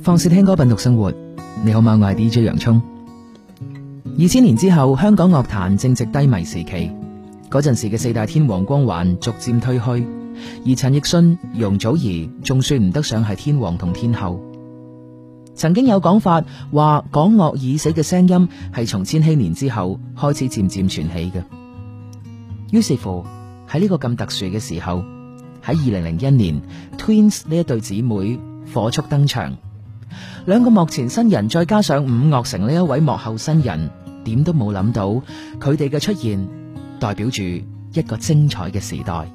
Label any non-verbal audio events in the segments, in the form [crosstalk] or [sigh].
放肆聽歌，品讀生活。你好嗎？我係 DJ 洋蔥。二千年之後，香港樂壇正值低迷時期。嗰陣時嘅四大天王光環逐漸褪去，而陳奕迅、容祖兒仲算唔得上係天王同天后。曾經有講法話港樂已死嘅聲音係從千禧年之後開始，漸漸傳起嘅。於是乎喺呢個咁特殊嘅時候，喺二零零一年，Twins 呢一對姊妹火速登場。兩個幕前新人，再加上伍樂城呢一位幕後新人，點都冇諗到佢哋嘅出現，代表住一個精彩嘅時代。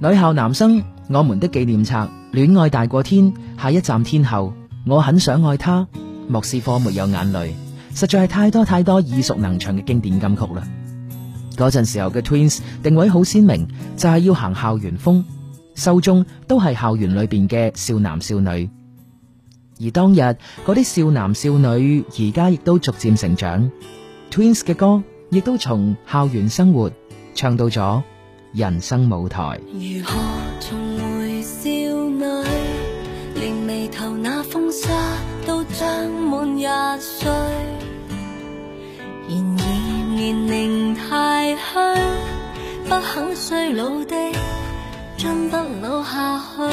女校男生、我們的紀念冊、戀愛大過天、下一站天后、我很想愛他、莫斯科沒有眼淚，實在係太多太多耳熟能詳嘅經典金曲啦。嗰陣時候嘅 Twins 定位好鮮明，就係要行校園風，受眾都係校園裏邊嘅少男少女。而當日嗰啲少男少女，而家亦都逐漸成長 [music] ，Twins 嘅歌亦都從校園生活唱到咗人生舞台。如何重回少女，令眉頭那風沙都裝滿廿歲。然而年齡太虛，不肯衰老的，將不老下去。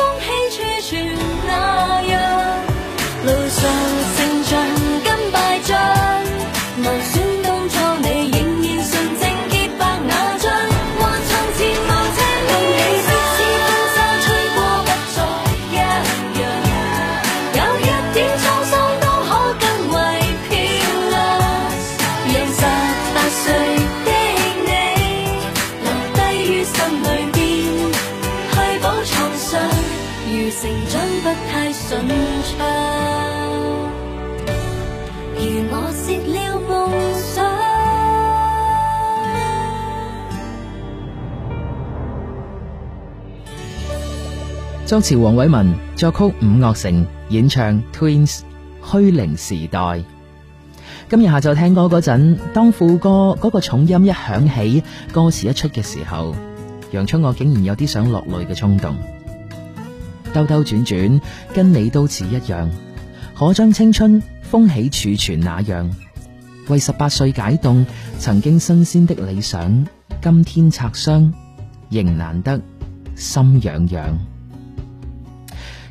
作詞黃偉文，作曲伍樂城，演唱 Twins《虛齡時代》。今日下晝聽歌嗰陣，當副歌嗰個重音一響起，歌詞一出嘅時候，楊春我竟然有啲想落淚嘅衝動。兜兜轉轉，跟你都似一樣，可將青春風起儲存那樣，為十八歲解凍曾經新鮮的理想。今天拆箱，仍難得心癢癢。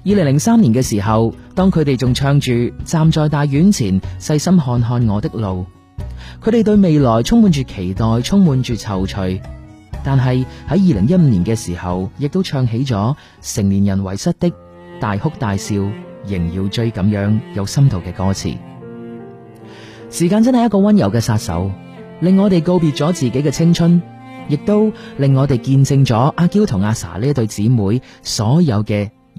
二零零三年嘅時候，當佢哋仲唱住《站在大院前》，細心看看我的路。佢哋對未來充滿住期待，充滿住躊躇。但係喺二零一五年嘅時候，亦都唱起咗成年人遺失的大哭大笑，仍要追咁樣有深度嘅歌詞。時間真係一個溫柔嘅殺手，令我哋告別咗自己嘅青春，亦都令我哋見證咗阿嬌同阿 Sa 呢一對姊妹所有嘅。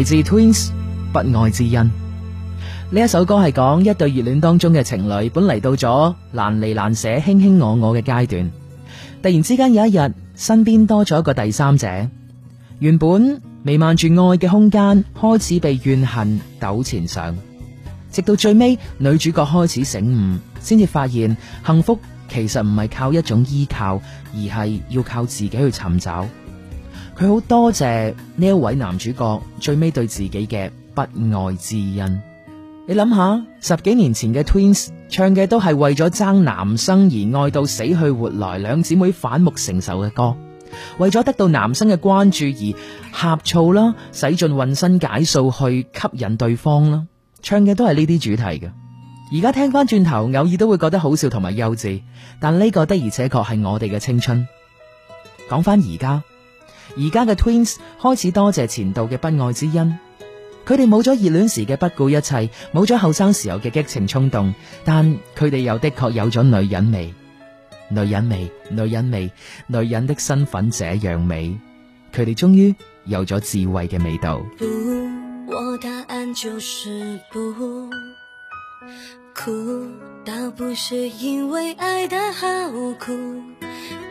嚟自 Twins《不愛之恩》呢一首歌係講一對熱戀當中嘅情侶，本嚟到咗難離難捨、卿卿我我嘅階段，突然之間有一日，身邊多咗一個第三者，原本彌漫住愛嘅空間開始被怨恨糾纏上，直到最尾，女主角開始醒悟，先至發現幸福其實唔係靠一種依靠，而係要靠自己去尋找。佢好多謝呢一位男主角最尾對自己嘅不愛之恩。你諗下，十幾年前嘅 Twins 唱嘅都係為咗爭男生而愛到死去活來、兩姊妹反目成仇嘅歌，為咗得到男生嘅關注而呷醋啦，使盡渾身解數去吸引對方啦，唱嘅都係呢啲主題嘅。而家聽翻轉頭，偶爾都會覺得好笑同埋幼稚，但呢個的而且確係我哋嘅青春。講翻而家。而家嘅 Twins 開始多謝前度嘅不愛之恩，佢哋冇咗熱戀時嘅不顧一切，冇咗後生時候嘅激情衝動，但佢哋又的確有咗女人味，女人味，女人味，女人的身份這樣美，佢哋終於有咗智慧嘅味道。不，我答案就是不。苦，倒不是因為愛得好苦。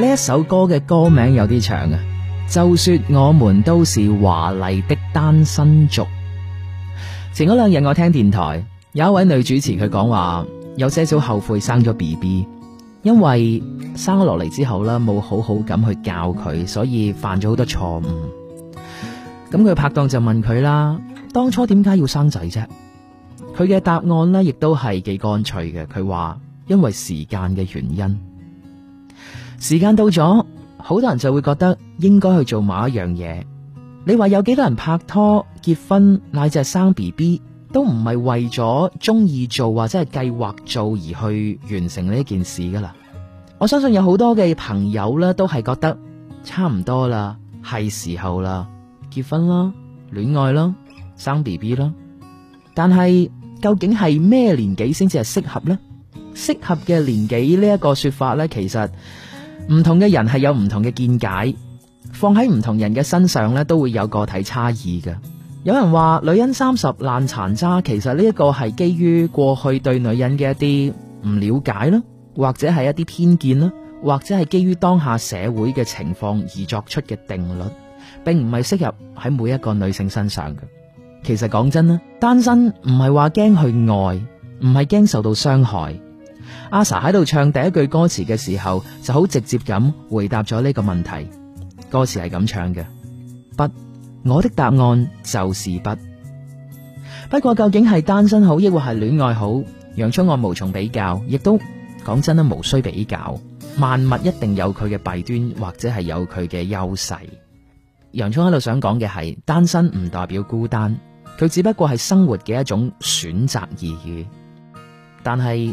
呢一首歌嘅歌名有啲長啊，就說我們都是華麗的單身族。前嗰兩日我聽電台，有一位女主持佢講話，有些少後悔生咗 BB，因為生咗落嚟之後咧，冇好好咁去教佢，所以犯咗好多錯誤。咁佢拍檔就問佢啦，當初點解要生仔啫？佢嘅答案咧，亦都係幾乾脆嘅，佢話因為時間嘅原因。時間到咗，好多人就會覺得應該去做某一樣嘢。你話有幾多人拍拖、結婚，乃至係生 B B 都唔係為咗中意做或者係計劃做而去完成呢一件事噶啦。我相信有好多嘅朋友咧都係覺得差唔多啦，係時候啦，結婚啦、戀愛啦、生 B B 啦。但係究竟係咩年紀先至係適合呢？適合嘅年紀呢一個說法咧，其實。唔同嘅人係有唔同嘅見解，放喺唔同人嘅身上咧，都會有個體差異嘅。有人話女人三十爛殘渣，其實呢一個係基於過去對女人嘅一啲唔了解啦，或者係一啲偏見啦，或者係基於當下社會嘅情況而作出嘅定律，並唔係適合喺每一個女性身上嘅。其實講真啦，單身唔係話驚去愛，唔係驚受到傷害。阿 Sa 喺度唱第一句歌詞嘅時候，就好直接咁回答咗呢個問題。歌詞係咁唱嘅：不，我的答案就是不。不過究竟係單身好，抑或係戀愛好，楊聰愛無從比較，亦都講真啦，無需比較。萬物一定有佢嘅弊端，或者係有佢嘅優勢。楊聰喺度想講嘅係，單身唔代表孤單，佢只不過係生活嘅一種選擇而已。但係。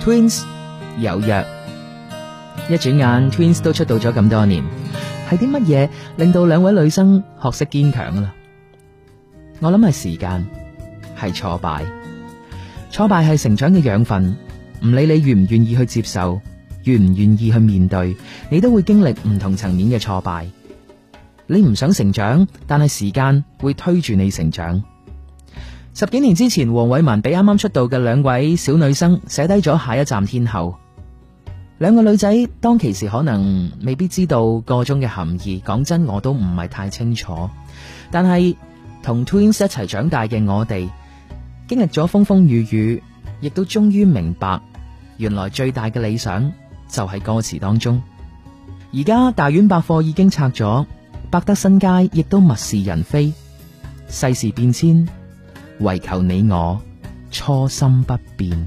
Twins 有約，一轉眼 Twins 都出道咗咁多年，係啲乜嘢令到兩位女生學識堅強啦？我諗係時間，係挫敗，挫敗係成長嘅養分。唔理你願唔願意去接受，願唔願意去面對，你都會經歷唔同層面嘅挫敗。你唔想成長，但係時間會推住你成長。十幾年之前，黃偉文俾啱啱出道嘅兩位小女生寫低咗下一站天后。兩個女仔當其時可能未必知道個中嘅含義，講真我都唔係太清楚。但係同 Twins 一齊長大嘅我哋，經歷咗風風雨雨，亦都終於明白，原來最大嘅理想就係歌詞當中。而家大丸百貨已經拆咗，百德新街亦都物是人非，世事變遷。唯求你我初心不變，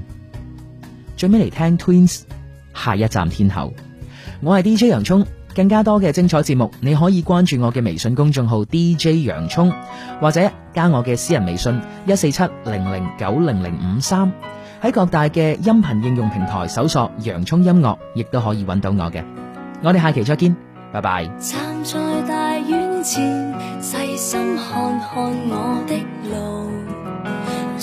最尾嚟聽 Twins 下一站天后。我係 DJ 洋蔥，更加多嘅精彩節目，你可以關注我嘅微信公眾號 DJ 洋蔥，或者加我嘅私人微信一四七零零九零零五三。喺各大嘅音頻應用平台搜索洋蔥音樂，亦都可以揾到我嘅。我哋下期再見，拜拜。站在大院前，細心看看我的路。